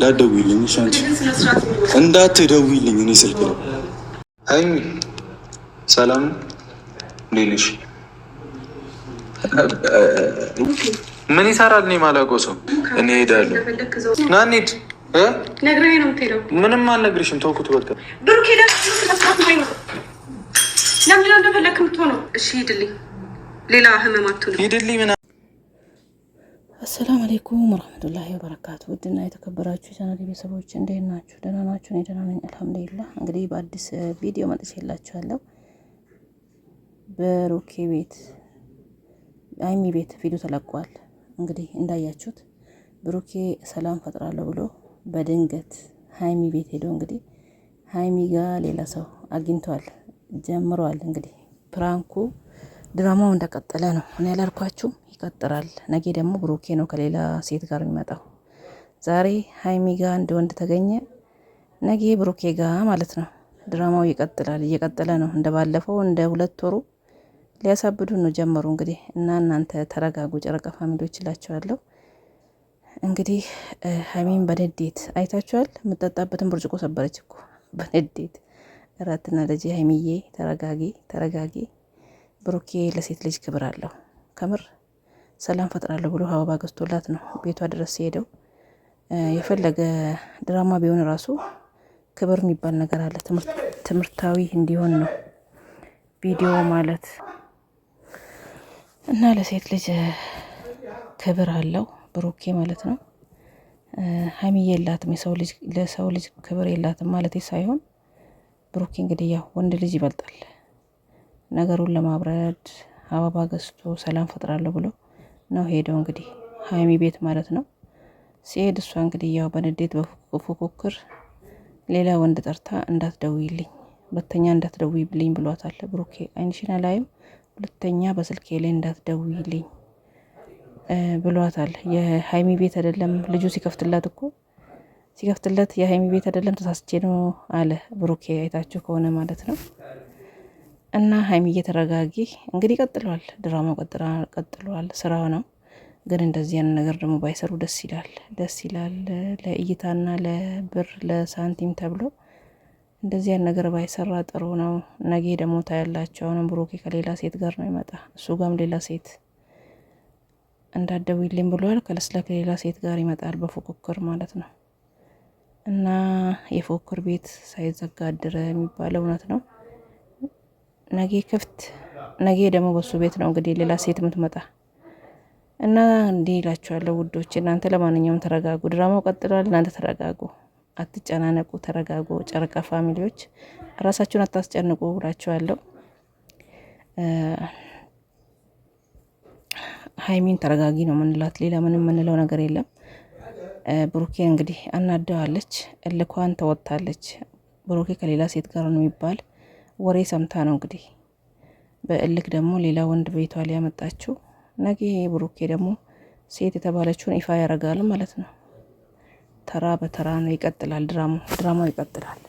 እንዳትደውይልኝ እሺ፣ አንቺ እንዳትደውይልኝ። እኔ ስልክ ነው። አይ ሰላም እንዴት ነሽ? ምን ይሰራል? እኔ የማላውቀው ሰው እኔ እሄዳለሁ። ና እንሂድ። ምንም አልነግርሽም። ተውኩት በቃ። ብሩክ ሄዳችሁ ሌላ ህመማቱ ነው። ሂድልኝ ምናምን አሰላም አሌይኩም ወረህመቱላሂ ወበረካቱ። ውድና የተከበራችሁ የቻናል ቤተሰቦች እንዴት ናችሁ? ደህና ናችሁ? እኔ ደህና ነኝ አልሐምዱሊላህ። እንግዲህ በአዲስ ቪዲዮ መጥቼላችኋለሁ። በሮኬ ቤት አይሚ ቤት ቪዲዮ ተለቋል። እንግዲህ እንዳያችሁት ብሩኬ ሰላም ፈጥራለሁ ብሎ በድንገት ሀይሚ ቤት ሄዶ እንግዲህ ሀይሚ ጋር ሌላ ሰው አግኝቷል ጀምሯል። እንግዲህ ፕራንኩ ድራማው እንደቀጠለ ነው። እኔ ያላልኳችሁ ይቀጥራል። ነጌ ደግሞ ብሩኬ ነው ከሌላ ሴት ጋር የሚመጣው። ዛሬ ሀይሚ ጋ አንድ ወንድ ተገኘ፣ ነጌ ብሩኬ ጋ ማለት ነው። ድራማው ይቀጥላል፣ እየቀጠለ ነው። እንደ ባለፈው እንደ ሁለት ወሩ ሊያሳብዱ ነው ጀመሩ። እንግዲህ እና እናንተ ተረጋጉ፣ ጨረቃ ፋሚሊዎች እላቸዋለሁ። እንግዲህ ሀይሚን በንዴት አይታችኋል። የምጠጣበትን ብርጭቆ ሰበረች እኮ በንዴት እራትና ልጄ ሀይሚዬ ተረጋጊ፣ ተረጋጊ ብሩኬ ለሴት ልጅ ክብር አለው። ከምር ሰላም ፈጥራለሁ ብሎ አበባ ገዝቶላት ነው ቤቷ ድረስ ሲሄደው። የፈለገ ድራማ ቢሆን ራሱ ክብር የሚባል ነገር አለ። ትምህርታዊ እንዲሆን ነው ቪዲዮ ማለት እና ለሴት ልጅ ክብር አለው ብሩኬ ማለት ነው። ሀይሚ የላትም ለሰው ልጅ ክብር የላትም ማለት ሳይሆን ብሩኬ እንግዲህ ያው ወንድ ልጅ ይበልጣል። ነገሩን ለማብረድ አበባ ገዝቶ ሰላም ፈጥራለሁ ብሎ ነው ሄደው እንግዲህ ሀይሚ ቤት ማለት ነው። ሲሄድ እሷ እንግዲህ ያው በንዴት በፉክክር ሌላ ወንድ ጠርታ እንዳትደውይልኝ፣ ሁለተኛ እንዳትደውይልኝ ብሏታል ብሩኬ። አይንሽን ላይም ሁለተኛ በስልኬ ላይ እንዳትደውይልኝ ብሏታል። የሀይሚ ቤት አይደለም ልጁ ሲከፍትላት እኮ ሲከፍትለት የሀይሚ ቤት አይደለም ተሳስቼ ነው አለ ብሩኬ። አይታችሁ ከሆነ ማለት ነው እና ሀይሚዬ እየተረጋጊ እንግዲህ ቀጥሏል፣ ድራማው ቀጥሏል፣ ስራው ነው። ግን እንደዚህ ያን ነገር ደግሞ ባይሰሩ ደስ ይላል፣ ደስ ይላል። ለእይታና ለብር ለሳንቲም ተብሎ እንደዚህ ያን ነገር ባይሰራ ጥሩ ነው። ነገ ደግሞ ታያላቸው። አሁንም ብሩኬ ከሌላ ሴት ጋር ነው ይመጣ እሱ ጋም ሌላ ሴት ይልም ብሏል። ከለስለ ከሌላ ሴት ጋር ይመጣል በፉክክር ማለት ነው። እና የፉክክር ቤት ሳይዘጋ አደረ የሚባለው እውነት ነው። ነገ ክፍት ነገ ደግሞ በሱ ቤት ነው እንግዲህ ሌላ ሴት የምትመጣ እና እንዲህ ይላችኋለሁ ውዶች። እናንተ ለማንኛውም ተረጋጉ። ድራማው ቀጥሏል። እናንተ ተረጋጉ፣ አትጨናነቁ፣ ተረጋጉ። ጨረቃ ፋሚሊዎች ራሳችሁን አታስጨንቁ ብላችኋለሁ። ሀይሚን ተረጋጊ ነው ምንላት፣ ሌላ ምንም ምንለው ነገር የለም። ብሩኬ እንግዲህ አናደዋለች፣ እልኳን ተወጥታለች። ብሩኬ ከሌላ ሴት ጋር ነው የሚባል ወሬ ሰምታ ነው እንግዲህ በእልክ ደግሞ ሌላ ወንድ ቤቷ ላይ ያመጣችው ነገ ብሩኬ ደግሞ ሴት የተባለችውን ይፋ ያደርጋል ማለት ነው። ተራ በተራ ነው ይቀጥላል። ድራማው ይቀጥላል።